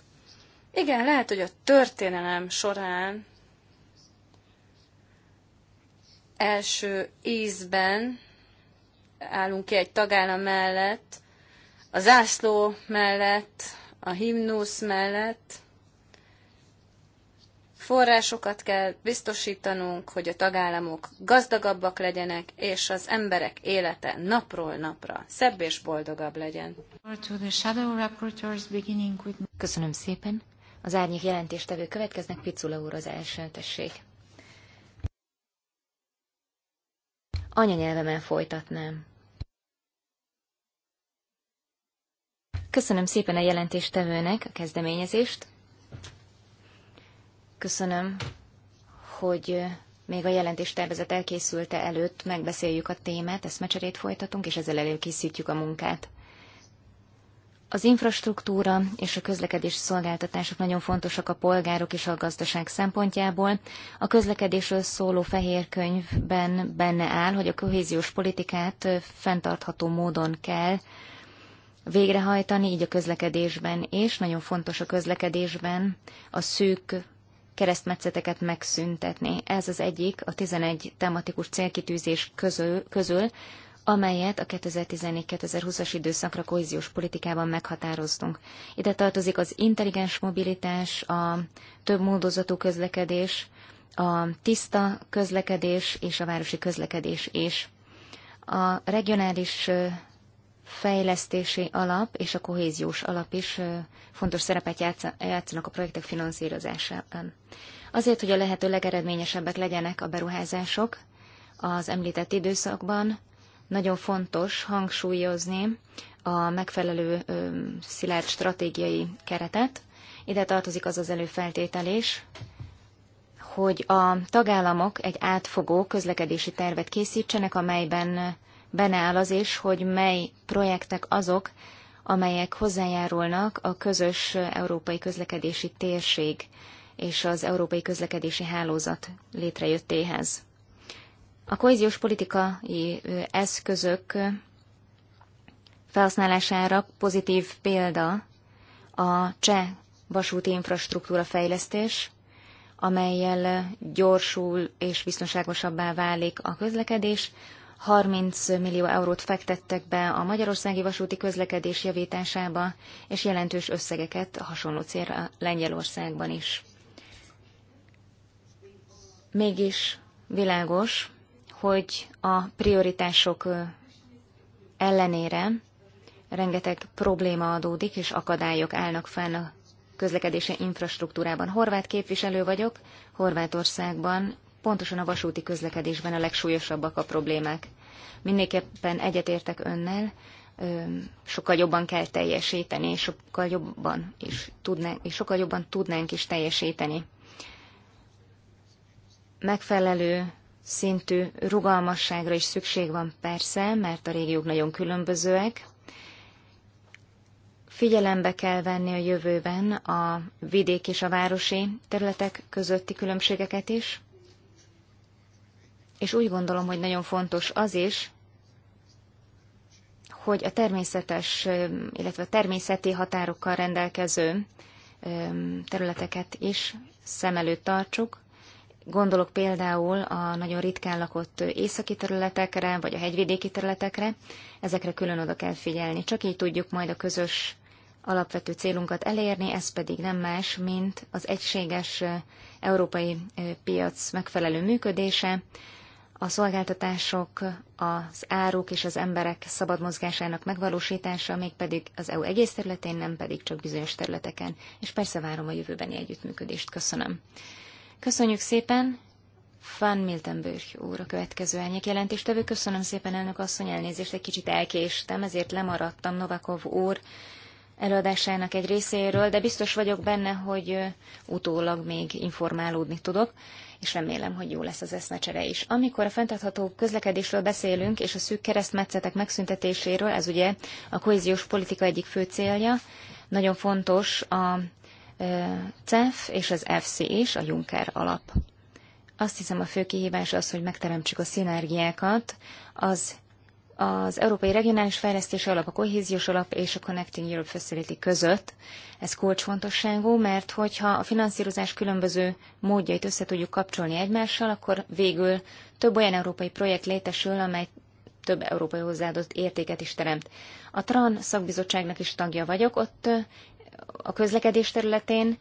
Igen, lehet, hogy a történelem során első ízben állunk ki egy tagállam mellett, a zászló mellett, a himnusz mellett. Forrásokat kell biztosítanunk, hogy a tagállamok gazdagabbak legyenek, és az emberek élete napról napra szebb és boldogabb legyen. Köszönöm szépen. Az árnyék jelentéstevő következnek, Picula úr az első, tessék. Anyanyelvemen folytatnám. Köszönöm szépen a jelentéstevőnek a kezdeményezést. Köszönöm, hogy még a jelentéstervezet elkészülte előtt megbeszéljük a témát, eszmecserét folytatunk, és ezzel előkészítjük a munkát. Az infrastruktúra és a közlekedés szolgáltatások nagyon fontosak a polgárok és a gazdaság szempontjából. A közlekedésről szóló fehér könyvben benne áll, hogy a kohéziós politikát fenntartható módon kell végrehajtani, így a közlekedésben, és nagyon fontos a közlekedésben a szűk keresztmetszeteket megszüntetni. Ez az egyik a 11 tematikus célkitűzés közül, közül amelyet a 2014-2020-as időszakra kohéziós politikában meghatároztunk. Ide tartozik az intelligens mobilitás, a több módozatú közlekedés, a tiszta közlekedés és a városi közlekedés is. A regionális fejlesztési alap és a kohéziós alap is fontos szerepet játszanak a projektek finanszírozásában. Azért, hogy a lehető legeredményesebbek legyenek a beruházások az említett időszakban, nagyon fontos hangsúlyozni a megfelelő szilárd stratégiai keretet. Ide tartozik az az előfeltétel is, hogy a tagállamok egy átfogó közlekedési tervet készítsenek, amelyben benne áll az is, hogy mely projektek azok, amelyek hozzájárulnak a közös európai közlekedési térség és az európai közlekedési hálózat létrejöttéhez. A kohéziós politikai eszközök felhasználására pozitív példa a cseh vasúti infrastruktúra fejlesztés, amelyel gyorsul és biztonságosabbá válik a közlekedés, 30 millió eurót fektettek be a magyarországi vasúti közlekedés javításába, és jelentős összegeket a hasonló célra Lengyelországban is. Mégis világos, hogy a prioritások ellenére rengeteg probléma adódik, és akadályok állnak fenn a közlekedési infrastruktúrában. Horvát képviselő vagyok, Horvátországban pontosan a vasúti közlekedésben a legsúlyosabbak a problémák. Mindenképpen egyetértek önnel, sokkal jobban kell teljesíteni, és sokkal jobban is tudnánk, és sokkal jobban tudnánk is teljesíteni. Megfelelő szintű rugalmasságra is szükség van persze, mert a régiók nagyon különbözőek. Figyelembe kell venni a jövőben a vidék és a városi területek közötti különbségeket is és úgy gondolom, hogy nagyon fontos az is, hogy a természetes, illetve a természeti határokkal rendelkező területeket is szem előtt tartsuk. Gondolok például a nagyon ritkán lakott északi területekre, vagy a hegyvidéki területekre, ezekre külön oda kell figyelni. Csak így tudjuk majd a közös alapvető célunkat elérni, ez pedig nem más, mint az egységes európai piac megfelelő működése, a szolgáltatások, az áruk és az emberek szabad mozgásának megvalósítása, mégpedig az EU egész területén, nem pedig csak bizonyos területeken. És persze várom a jövőbeni együttműködést. Köszönöm. Köszönjük szépen! Van Miltenbörg úr a következő elnyek jelentéstevő. Köszönöm szépen, elnök asszony, elnézést, egy kicsit elkéstem, ezért lemaradtam Novakov úr előadásának egy részéről, de biztos vagyok benne, hogy utólag még informálódni tudok és remélem, hogy jó lesz az eszmecsere is. Amikor a fenntartható közlekedésről beszélünk, és a szűk keresztmetszetek megszüntetéséről, ez ugye a kohéziós politika egyik fő célja, nagyon fontos a CEF és az FC is, a Juncker alap. Azt hiszem a fő kihívás az, hogy megteremtsük a szinergiákat az az Európai Regionális Fejlesztési Alap, a Kohéziós Alap és a Connecting Europe Facility között. Ez kulcsfontosságú, mert hogyha a finanszírozás különböző módjait össze tudjuk kapcsolni egymással, akkor végül több olyan európai projekt létesül, amely több európai hozzáadott értéket is teremt. A TRAN szakbizottságnak is tagja vagyok, ott a közlekedés területén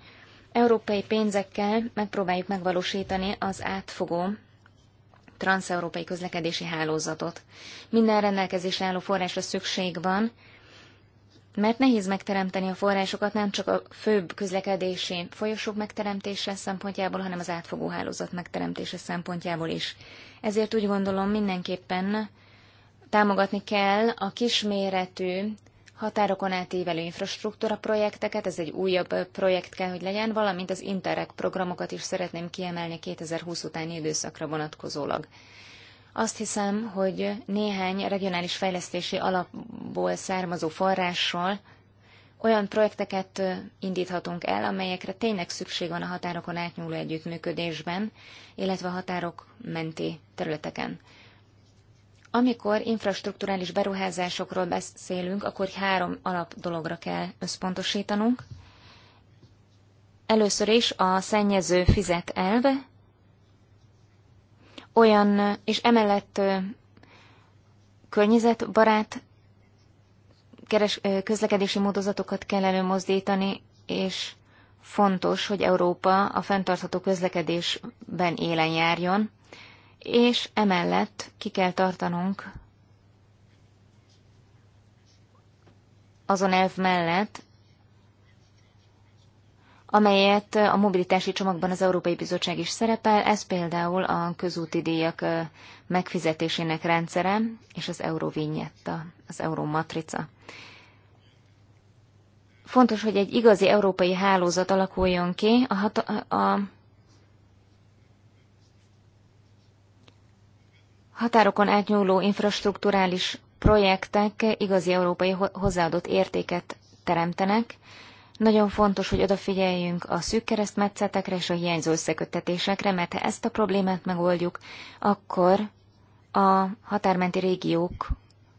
európai pénzekkel megpróbáljuk megvalósítani az átfogó transeurópai közlekedési hálózatot. Minden rendelkezésre álló forrásra szükség van, mert nehéz megteremteni a forrásokat nem csak a főbb közlekedési folyosók megteremtése szempontjából, hanem az átfogó hálózat megteremtése szempontjából is. Ezért úgy gondolom mindenképpen támogatni kell a kisméretű határokon átívelő infrastruktúra projekteket, ez egy újabb projekt kell, hogy legyen, valamint az Interreg programokat is szeretném kiemelni 2020 utáni időszakra vonatkozólag. Azt hiszem, hogy néhány regionális fejlesztési alapból származó forrással olyan projekteket indíthatunk el, amelyekre tényleg szükség van a határokon átnyúló együttműködésben, illetve a határok menti területeken. Amikor infrastruktúrális beruházásokról beszélünk, akkor három alap dologra kell összpontosítanunk. Először is a szennyező fizet elve, olyan, és emellett környezetbarát keres, közlekedési módozatokat kell előmozdítani, és fontos, hogy Európa a fenntartható közlekedésben élen járjon és emellett ki kell tartanunk azon elv mellett, amelyet a mobilitási csomagban az Európai Bizottság is szerepel, ez például a közúti díjak megfizetésének rendszere és az Eurovignetta, az eurómatrica. Fontos, hogy egy igazi európai hálózat alakuljon ki, a, hat- a határokon átnyúló infrastruktúrális projektek igazi európai hozzáadott értéket teremtenek. Nagyon fontos, hogy odafigyeljünk a szűk keresztmetszetekre és a hiányzó összeköttetésekre, mert ha ezt a problémát megoldjuk, akkor a határmenti régiók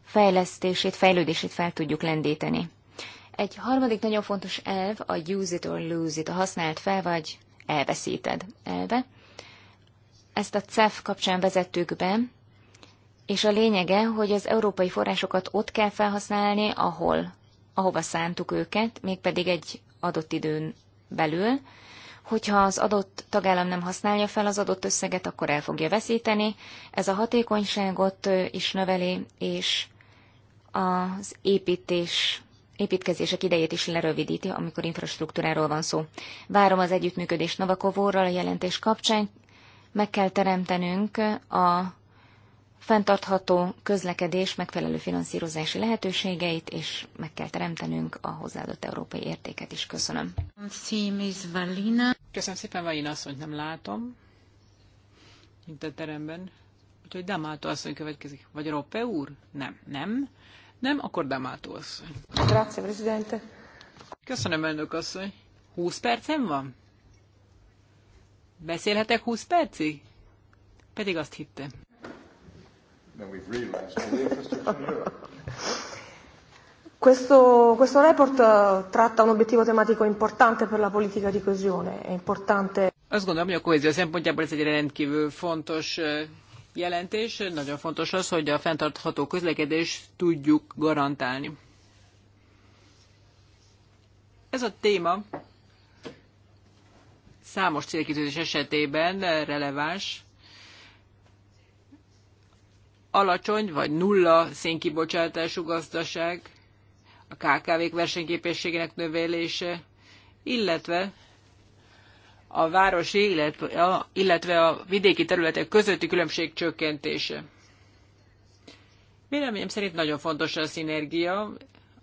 fejlesztését, fejlődését fel tudjuk lendíteni. Egy harmadik nagyon fontos elv a use it or lose it, a használt fel vagy elveszíted elve. Ezt a CEF kapcsán vezettük be, és a lényege, hogy az európai forrásokat ott kell felhasználni, ahol, ahova szántuk őket, mégpedig egy adott időn belül. Hogyha az adott tagállam nem használja fel az adott összeget, akkor el fogja veszíteni. Ez a hatékonyságot is növeli, és az építés, építkezések idejét is lerövidíti, amikor infrastruktúráról van szó. Várom az együttműködést Novakovóról a jelentés kapcsán. Meg kell teremtenünk a fenntartható közlekedés megfelelő finanszírozási lehetőségeit, és meg kell teremtenünk a hozzáadott európai értéket is. Köszönöm. Köszönöm szépen, Valina asszonyt nem látom Mint a teremben. Úgyhogy Damato asszony következik. Vagy Roppe úr? Nem. Nem? Nem? Akkor Damato asszony. Grazie, Presidente. Köszönöm, elnök asszony. 20 percem van? Beszélhetek 20 percig? Pedig azt hittem. Questo, questo report eh, tratta un obiettivo tematico importante per la politica di coesione, è importante. Azt gondolom, hogy a kohézió szempontjából ez egy rendkívül fontos eh, jelentés. Nagyon fontos az, hogy a fenntartható közlekedést tudjuk garantálni. Ez a téma számos célkitűzés esetében releváns, alacsony vagy nulla szénkibocsátású gazdaság, a KKV-k versenyképességének növelése, illetve a városi, illetve a, illetve a vidéki területek közötti különbség csökkentése. Véleményem szerint nagyon fontos a szinergia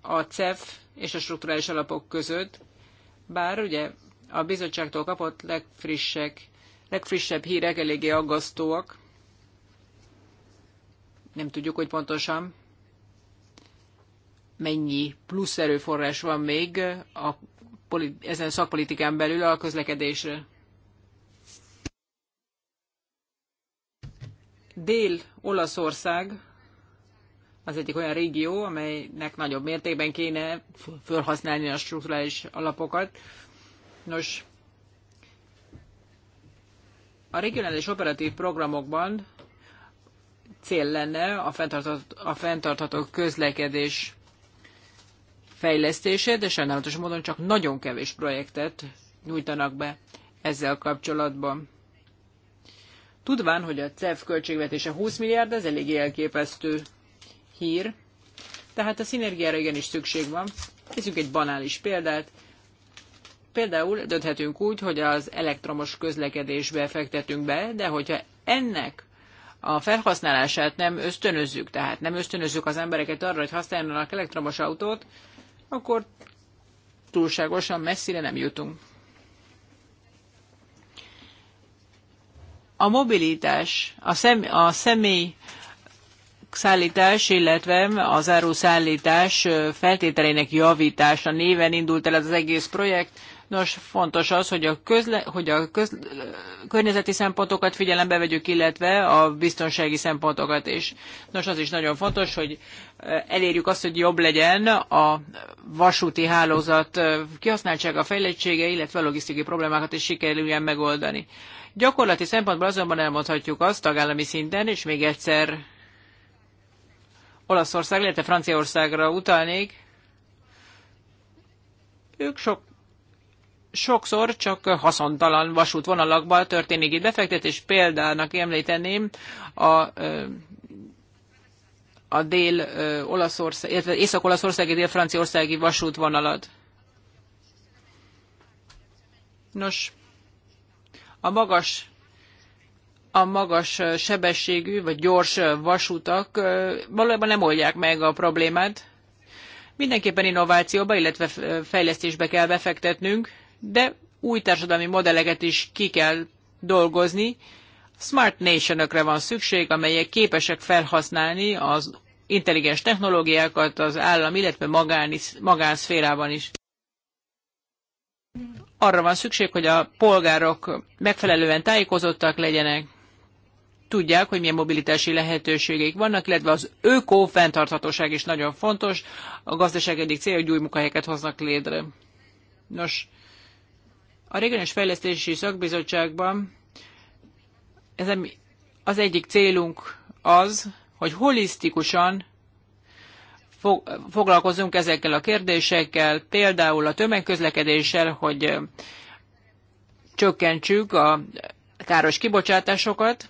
a CEF e és a strukturális alapok között, bár ugye a bizottságtól kapott legfrissek, legfrissebb hírek eléggé aggasztóak nem tudjuk, hogy pontosan mennyi plusz erőforrás van még a ezen a szakpolitikán belül a közlekedésre. Dél-Olaszország az egyik olyan régió, amelynek nagyobb mértékben kéne felhasználni a strukturális alapokat. Nos, a regionális operatív programokban cél lenne a fenntartható, a fenntartható közlekedés fejlesztése, de sajnálatos módon csak nagyon kevés projektet nyújtanak be ezzel kapcsolatban. Tudván, hogy a CEF költségvetése 20 milliárd, ez elég elképesztő hír, tehát a szinergiára igenis szükség van. Nézzük egy banális példát. Például dönthetünk úgy, hogy az elektromos közlekedésbe fektetünk be, de hogyha ennek a felhasználását nem ösztönözzük, tehát nem ösztönözzük az embereket arra, hogy használjanak elektromos autót, akkor túlságosan messzire nem jutunk. A mobilitás, a, szem, a személy szállítás, illetve az áruszállítás feltételeinek javítása néven indult el az egész projekt. Nos, fontos az, hogy a, közle, hogy a közle, környezeti szempontokat figyelembe vegyük, illetve a biztonsági szempontokat is. Nos, az is nagyon fontos, hogy elérjük azt, hogy jobb legyen a vasúti hálózat kihasználtsága, fejlettsége, illetve a logisztikai problémákat is sikerüljen megoldani. Gyakorlati szempontból azonban elmondhatjuk azt tagállami szinten, és még egyszer Olaszország, illetve Franciaországra utalnék, ők sok sokszor csak haszontalan vasútvonalakban történik itt befektetés. Példának említeném a a dél olaszország, észak-olaszországi, dél-franciaországi vasútvonalat. Nos, a magas a magas sebességű vagy gyors vasutak valójában nem oldják meg a problémát. Mindenképpen innovációba, illetve fejlesztésbe kell befektetnünk de új társadalmi modelleket is ki kell dolgozni. Smart nation van szükség, amelyek képesek felhasználni az intelligens technológiákat az állam, illetve magán, magánszférában is. Arra van szükség, hogy a polgárok megfelelően tájékozottak legyenek, tudják, hogy milyen mobilitási lehetőségeik vannak, illetve az öko fenntarthatóság is nagyon fontos. A gazdaság egyik célja, hogy új munkahelyeket hoznak létre. Nos, a Regionális Fejlesztési Szakbizottságban ez az egyik célunk az, hogy holisztikusan foglalkozunk ezekkel a kérdésekkel, például a tömegközlekedéssel, hogy csökkentsük a káros kibocsátásokat,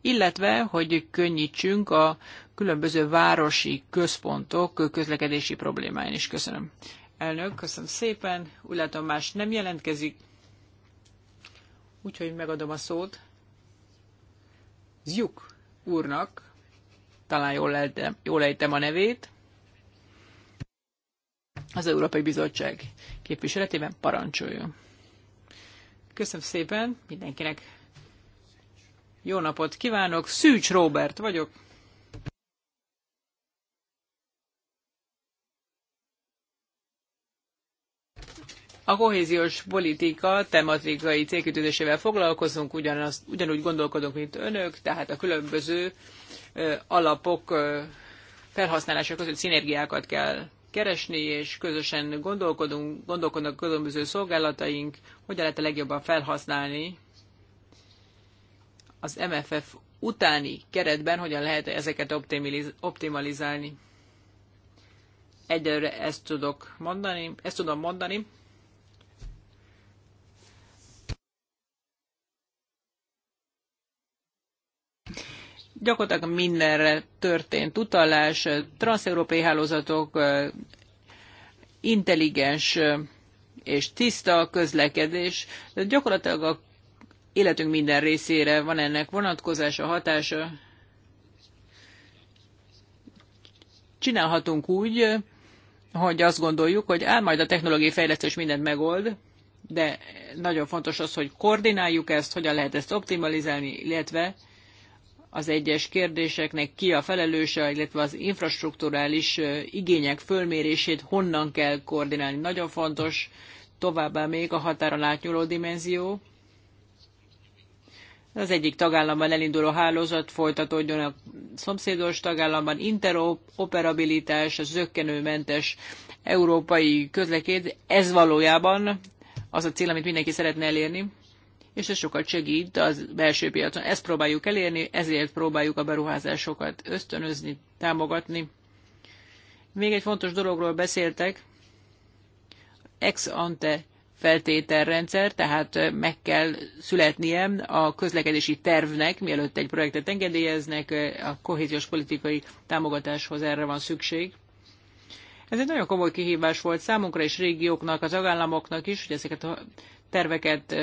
illetve hogy könnyítsünk a különböző városi központok közlekedési problémáin is. Köszönöm. Elnök, köszönöm szépen. Úgy látom, más nem jelentkezik úgyhogy megadom a szót Zjuk úrnak, talán jól, lejtem, jól ejtem a nevét, az Európai Bizottság képviseletében parancsoljon. Köszönöm szépen mindenkinek. Jó napot kívánok, Szűcs Robert vagyok. A kohéziós politika tematikai célkitűzésével foglalkozunk, ugyanaz, ugyanúgy gondolkodunk, mint önök, tehát a különböző alapok felhasználása között szinergiákat kell keresni, és közösen gondolkodunk, gondolkodnak különböző szolgálataink, hogyan lehet a legjobban felhasználni az MFF utáni keretben, hogyan lehet ezeket optimalizálni. Egyelőre ezt tudok mondani, ezt tudom mondani. Gyakorlatilag mindenre történt utalás, transzeurópai hálózatok, intelligens és tiszta közlekedés. Gyakorlatilag a életünk minden részére van ennek vonatkozása, hatása. Csinálhatunk úgy, hogy azt gondoljuk, hogy áll majd a technológiai fejlesztés mindent megold, de nagyon fontos az, hogy koordináljuk ezt, hogyan lehet ezt optimalizálni, illetve az egyes kérdéseknek ki a felelőse, illetve az infrastruktúrális igények fölmérését honnan kell koordinálni. Nagyon fontos továbbá még a határon átnyúló dimenzió. Az egyik tagállamban elinduló hálózat folytatódjon a szomszédos tagállamban interoperabilitás, a zöggenőmentes európai közlekéd. Ez valójában az a cél, amit mindenki szeretne elérni és ez sokat segít az belső piacon. Ezt próbáljuk elérni, ezért próbáljuk a beruházásokat ösztönözni, támogatni. Még egy fontos dologról beszéltek, ex ante feltételrendszer, tehát meg kell születnie a közlekedési tervnek, mielőtt egy projektet engedélyeznek, a kohéziós politikai támogatáshoz erre van szükség. Ez egy nagyon komoly kihívás volt számunkra és régióknak, az agállamoknak is, hogy ezeket a terveket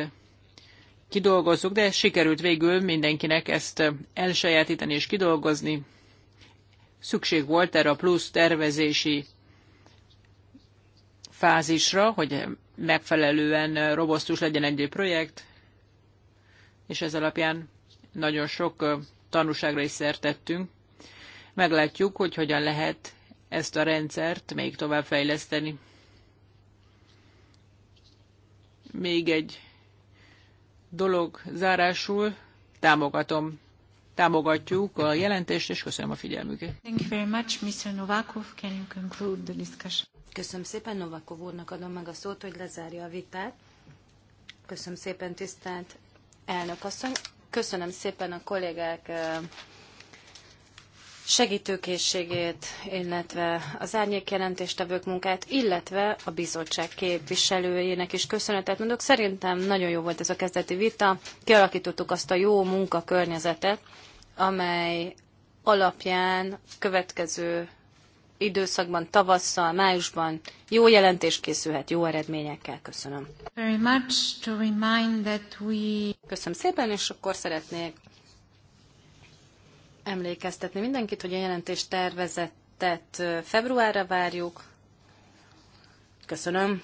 kidolgozzuk, de sikerült végül mindenkinek ezt eh, elsajátítani és kidolgozni. Szükség volt erre a plusz tervezési fázisra, hogy megfelelően eh, robosztus legyen egy projekt, és ez alapján nagyon sok eh, tanúságra is szertettünk. Meglátjuk, hogy hogyan lehet ezt a rendszert még tovább fejleszteni. Még egy dolog zárásul támogatom. Támogatjuk a jelentést, és köszönöm a figyelmüket. Thank you very much, Mr. Novakov. Can you conclude the discussion? Köszönöm szépen, Novakov úrnak adom meg a szót, hogy lezárja a vitát. Köszönöm szépen, tisztelt elnök asszony. Köszönöm szépen a kollégák eh, segítőkészségét, illetve az árnyék jelentéstevők munkát, illetve a bizottság képviselőjének is köszönetet mondok. Szerintem nagyon jó volt ez a kezdeti vita. Kialakítottuk azt a jó munkakörnyezetet, amely alapján következő időszakban, tavasszal, májusban jó jelentés készülhet, jó eredményekkel. Köszönöm. Köszönöm szépen, és akkor szeretnék emlékeztetni mindenkit, hogy a jelentés tervezettet februárra várjuk. Köszönöm.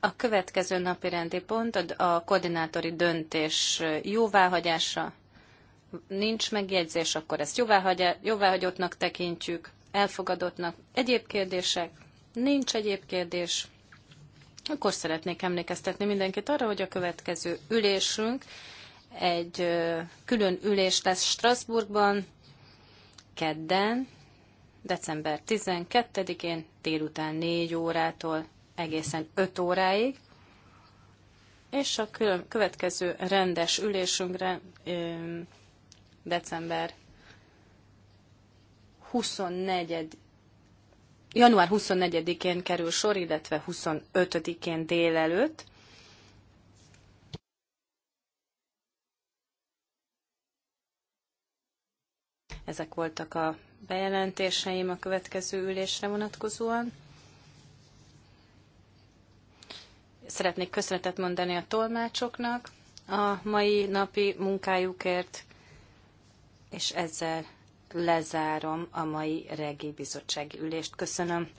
A következő napi rendi pont a koordinátori döntés jóváhagyása. Nincs megjegyzés, akkor ezt jóváhagyottnak tekintjük elfogadottnak. Egyéb kérdések? Nincs egyéb kérdés. Akkor szeretnék emlékeztetni mindenkit arra, hogy a következő ülésünk egy külön ülés lesz Strasbourgban, kedden, december 12-én délután 4 órától egészen 5 óráig, és a következő rendes ülésünkre december 24 január 24-én kerül sor, illetve 25-én délelőtt. Ezek voltak a bejelentéseim a következő ülésre vonatkozóan. Szeretnék köszönetet mondani a tolmácsoknak a mai napi munkájukért, és ezzel lezárom a mai regi bizottsági ülést. Köszönöm.